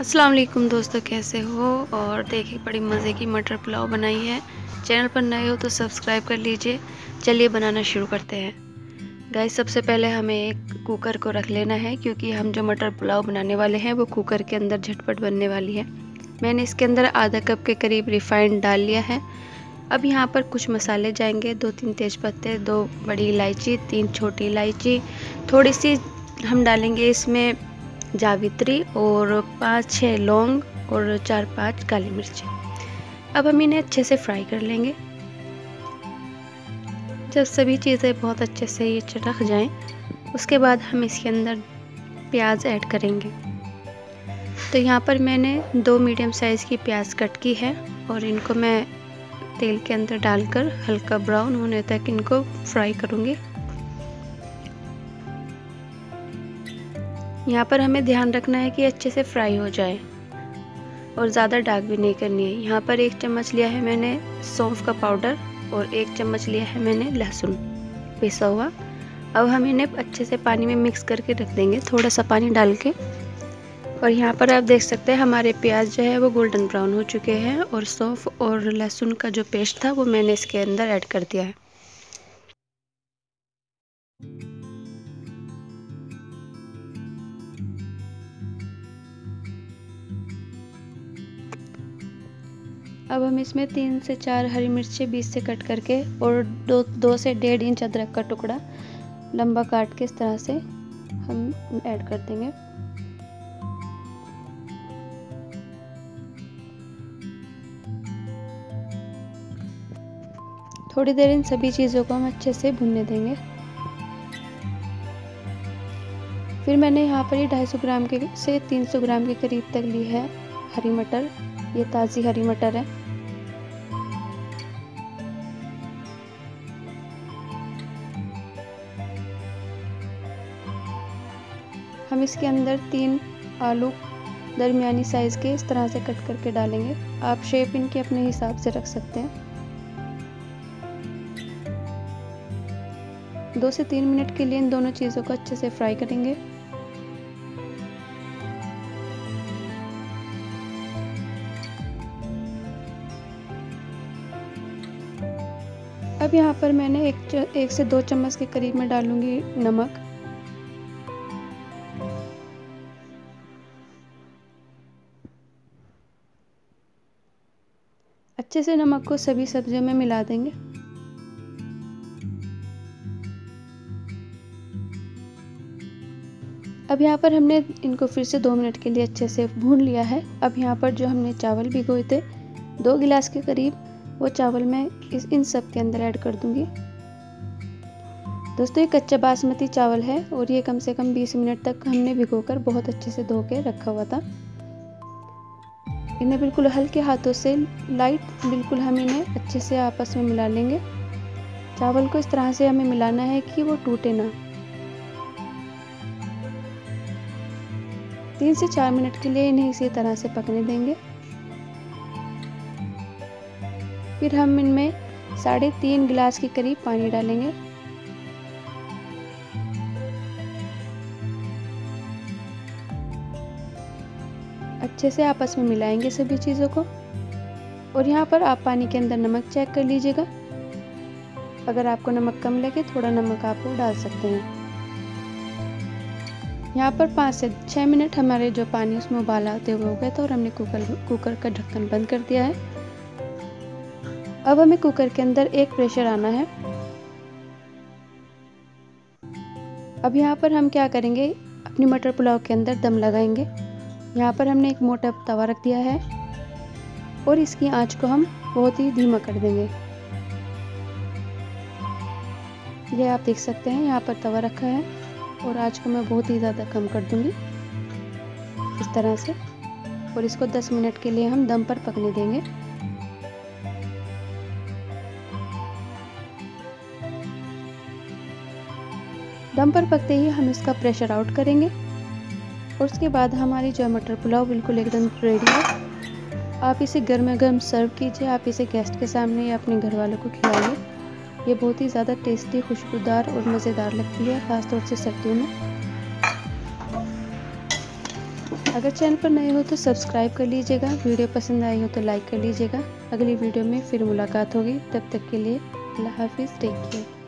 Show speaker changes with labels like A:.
A: अस्सलाम वालेकुम दोस्तों कैसे हो और देखिए बड़ी मज़े की मटर पुलाव बनाई है चैनल पर नए हो तो सब्सक्राइब कर लीजिए चलिए बनाना शुरू करते हैं गाय सबसे पहले हमें एक कुकर को रख लेना है क्योंकि हम जो मटर पुलाव बनाने वाले हैं वो कुकर के अंदर झटपट बनने वाली है मैंने इसके अंदर आधा कप के करीब रिफाइंड डाल लिया है अब यहाँ पर कुछ मसाले जाएंगे दो तीन तेज़ पत्ते दो बड़ी इलायची तीन छोटी इलायची थोड़ी सी हम डालेंगे इसमें जावित्री और पाँच छः लौंग और चार पाँच काली मिर्ची अब हम इन्हें अच्छे से फ्राई कर लेंगे जब सभी चीज़ें बहुत अच्छे से ये चटक जाएं, उसके बाद हम इसके अंदर प्याज ऐड करेंगे तो यहाँ पर मैंने दो मीडियम साइज़ की प्याज कट की है और इनको मैं तेल के अंदर डालकर हल्का ब्राउन होने तक इनको फ्राई करूँगी यहाँ पर हमें ध्यान रखना है कि अच्छे से फ्राई हो जाए और ज़्यादा डार्क भी नहीं करनी है यहाँ पर एक चम्मच लिया है मैंने सौंफ का पाउडर और एक चम्मच लिया है मैंने लहसुन पिसा हुआ अब हम इन्हें अच्छे से पानी में मिक्स करके रख देंगे थोड़ा सा पानी डाल के और यहाँ पर आप देख सकते हैं हमारे प्याज जो है वो गोल्डन ब्राउन हो चुके हैं और सौंफ और लहसुन का जो पेस्ट था वो मैंने इसके अंदर ऐड कर दिया है अब हम इसमें तीन से चार हरी मिर्चें बीस से कट करके और दो दो से डेढ़ इंच अदरक का टुकड़ा लंबा काट के इस तरह से हम ऐड कर देंगे थोड़ी देर इन सभी चीज़ों को हम अच्छे से भुनने देंगे फिर मैंने यहाँ पर ये सौ ग्राम के से 300 ग्राम के करीब तक ली है हरी मटर ये ताज़ी हरी मटर है हम इसके अंदर तीन आलू दरमियानी साइज़ के इस तरह से कट करके डालेंगे आप शेप इनके अपने हिसाब से रख सकते हैं दो से तीन मिनट के लिए इन दोनों चीज़ों को अच्छे से फ्राई करेंगे अब यहाँ पर मैंने एक एक से दो चम्मच के करीब में डालूंगी नमक अच्छे से नमक को सभी सब्जियों में मिला देंगे अब यहाँ पर हमने इनको फिर से दो मिनट के लिए अच्छे से भून लिया है अब यहाँ पर जो हमने चावल भिगोए थे दो गिलास के करीब वो चावल मैं इस इन सब के अंदर ऐड कर दूंगी दोस्तों ये कच्चा बासमती चावल है और ये कम से कम 20 मिनट तक हमने भिगोकर बहुत अच्छे से धो के रखा हुआ था इन्हें बिल्कुल हल्के हाथों से लाइट बिल्कुल हम इन्हें अच्छे से आपस में मिला लेंगे चावल को इस तरह से हमें मिलाना है कि वो टूटे ना तीन से चार मिनट के लिए इन्हें इसी तरह से पकने देंगे फिर हम इनमें साढ़े तीन गिलास के करीब पानी डालेंगे अच्छे से आपस में मिलाएंगे सभी चीज़ों को और यहाँ पर आप पानी के अंदर नमक चेक कर लीजिएगा अगर आपको नमक कम लगे थोड़ा नमक आप डाल सकते हैं यहाँ पर पाँच से छः मिनट हमारे जो पानी उसमें उबाला आते हुए हो गए थे और हमने कुकर कुकर का ढक्कन बंद कर दिया है अब हमें कुकर के अंदर एक प्रेशर आना है अब यहाँ पर हम क्या करेंगे अपनी मटर पुलाव के अंदर दम लगाएंगे यहाँ पर हमने एक मोटा तवा रख दिया है और इसकी आंच को हम बहुत ही धीमा कर देंगे ये आप देख सकते हैं यहाँ पर तवा रखा है और आंच को मैं बहुत ही ज़्यादा कम कर दूंगी इस तरह से और इसको 10 मिनट के लिए हम दम पर पकने देंगे दम पर पकते ही हम इसका प्रेशर आउट करेंगे और उसके बाद हमारी जो मटर पुलाव बिल्कुल एकदम रेडी है आप इसे गर्मा गर्म सर्व कीजिए आप इसे गेस्ट के सामने या अपने घर वालों को खिलाइए ये बहुत ही ज़्यादा टेस्टी खुशबूदार और मज़ेदार लगती है ख़ासतौर से सर्दियों में अगर चैनल पर नए हो तो सब्सक्राइब कर लीजिएगा वीडियो पसंद आई हो तो लाइक कर लीजिएगा अगली वीडियो में फिर मुलाकात होगी तब तक के लिए अल्लाह हाफिज़ टेक केयर